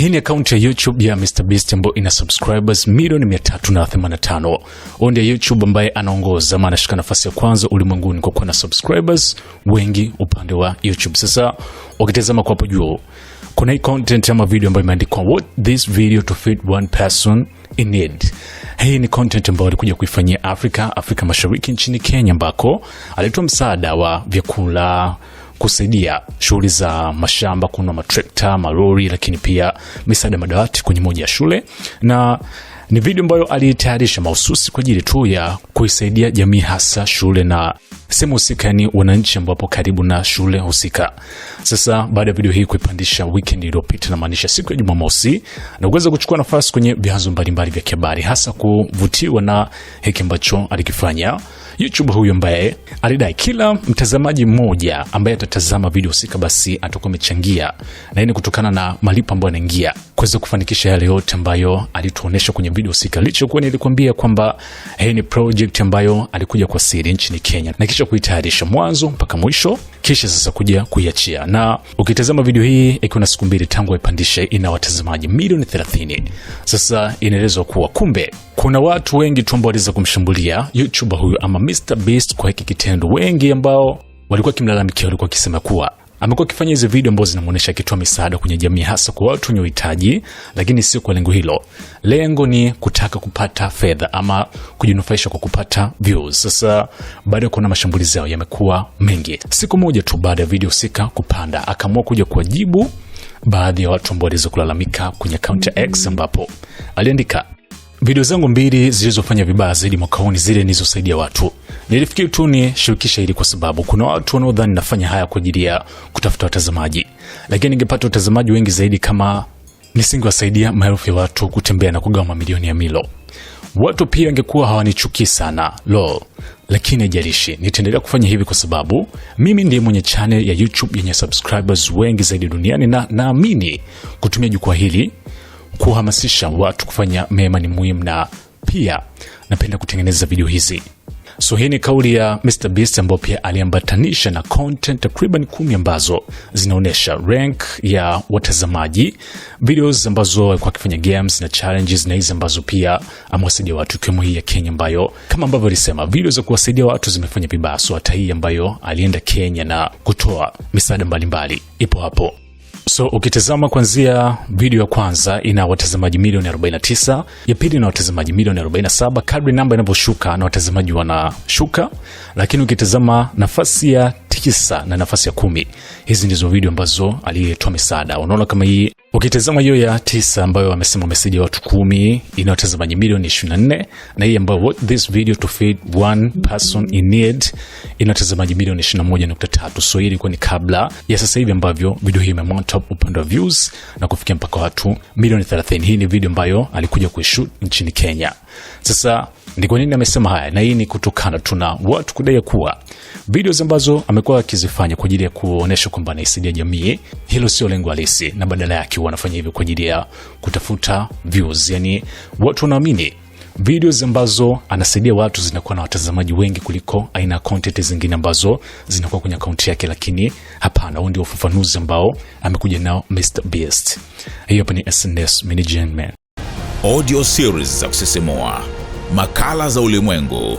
Hii ni akaunti ya YouTube ya MrBeast ambayo ina subscribers milioni 385. Huyu ndiye YouTube ambaye anaongoza ama anashika nafasi ya kwanza ulimwenguni kwa kuwa na subscribers wengi upande wa YouTube. Sasa wakitazama kwapo juu kuna hii content ama video ambayo imeandikwa what this video to fit one person in need. Hii ni content ambayo alikuja kuifanyia Afrika, Afrika Mashariki nchini Kenya ambako alitoa msaada wa vyakula kusaidia shughuli za mashamba. Kuna matrekta, malori, lakini pia misaada madawati kwenye moja ya shule na ni video ambayo aliitayarisha mahususi kwa ajili tu ya kuisaidia jamii hasa shule na sehemu husika, ni wananchi ambapo karibu na shule husika. Sasa baada ya video hii kuipandisha weekend iliyopita, na maanisha siku ya Jumamosi, na kuweza kuchukua nafasi kwenye vyanzo mbalimbali vya kihabari, hasa kuvutiwa na hiki ambacho alikifanya YouTube huyo ambaye alidai kila mtazamaji mmoja ambaye atatazama video husika basi atakuwa amechangia, na hii ni kutokana na malipo ambayo anaingia kuweza kufanikisha yale yote ambayo alituonesha kwenye video husika. Lichokuwa nilikwambia kwamba hii ni project ambayo alikuja kwa siri nchini Kenya na kisha kuitayarisha mwanzo mpaka mwisho, kisha sasa kuja kuiachia. Na ukitazama video hii ikiwa na siku mbili tangu aipandishe, ina watazamaji milioni 30. Sasa inaelezwa kuwa kumbe kuna watu wengi tu ambao waliweza kumshambulia YouTuber huyu ama Mr Beast kwa hiki kitendo, wengi ambao walikuwa kimlalamikia, walikuwa wakisema kuwa amekuwa akifanya hizi video ambazo zinamuonesha akitoa misaada kwenye jamii hasa kwa watu wenye uhitaji, lakini sio kwa lengo hilo. Lengo ni kutaka kupata fedha ama kujinufaisha kwa kupata views. Sasa baada ya kuona mashambulizi yao yamekuwa mengi, siku moja tu baada ya video husika kupanda, akaamua kuja kuwajibu baadhi ya watu ambao waliweza kulalamika kwenye akaunti ya X ambapo aliandika Video zangu mbili zilizofanya vibaya zaidi mwaka huu ni zile nilizosaidia watu. Nilifikiri tu ni shirikisha hili kwa sababu kuna watu wanaodhani nafanya haya kwa ajili ya kutafuta watazamaji, lakini ningepata watazamaji wengi zaidi kama nisingewasaidia maelfu ya watu kutembea na kugawa mamilioni ya milo. Watu pia wangekuwa hawanichukii sana lo, lakini haijalishi, nitaendelea kufanya hivi kwa sababu mimi ndiye mwenye channel ya YouTube yenye subscribers wengi zaidi duniani, na naamini kutumia jukwaa hili kuhamasisha watu kufanya mema ni muhimu, na pia napenda kutengeneza video hizi. So hii ni kauli ya Mr Beast ambayo pia aliambatanisha na content takriban kumi ambazo zinaonyesha rank ya watazamaji, videos ambazo alikuwa akifanya games na challenges na hizi ambazo pia amewasaidia watu, ikiwemo hii ya Kenya ambayo kama ambavyo alisema video za kuwasaidia watu zimefanya vibaya. So hata hii ambayo alienda Kenya na kutoa misaada mbalimbali ipo hapo. So ukitazama kuanzia video ya kwanza ina watazamaji milioni 49, ya pili ina watazamaji milioni 47. Kadri namba inavyoshuka na watazamaji wanashuka, lakini ukitazama nafasi ya tisa na nafasi ya kumi. Hizi ndizo video ambazo aliyetoa misaada. Unaona kama hii ukitazama hiyo ya tisa ambayo amesema meseji ya watu kumi ina watazamaji milioni 24 na hii ambayo what this video to feed one person in need ina watazamaji milioni 21.3. So hii ilikuwa ni kabla ya sasa hivi ambavyo video hii imemonta top upande wa views na kufikia mpaka watu milioni 30. Hii ni video ambayo alikuja kuishoot nchini Kenya. Sasa ni kwa nini amesema haya? Na hii ni kutokana tuna watu kudai kuwa videos ambazo amekuwa akizifanya kwa ajili ya kuonesha kwamba anaisaidia jamii, hilo sio lengo halisi, na badala yake wanafanya hivyo kwa ajili ya kutafuta views. Yani watu wanaamini videos ambazo anasaidia watu zinakuwa na watazamaji wengi kuliko aina ya content zingine ambazo zinakuwa kwenye akaunti yake, lakini hapana. Huo ndio ufafanuzi ambao amekuja nao Mr Beast. Hiyo hapa ni SNS Management, audio series za kusisimua, makala za ulimwengu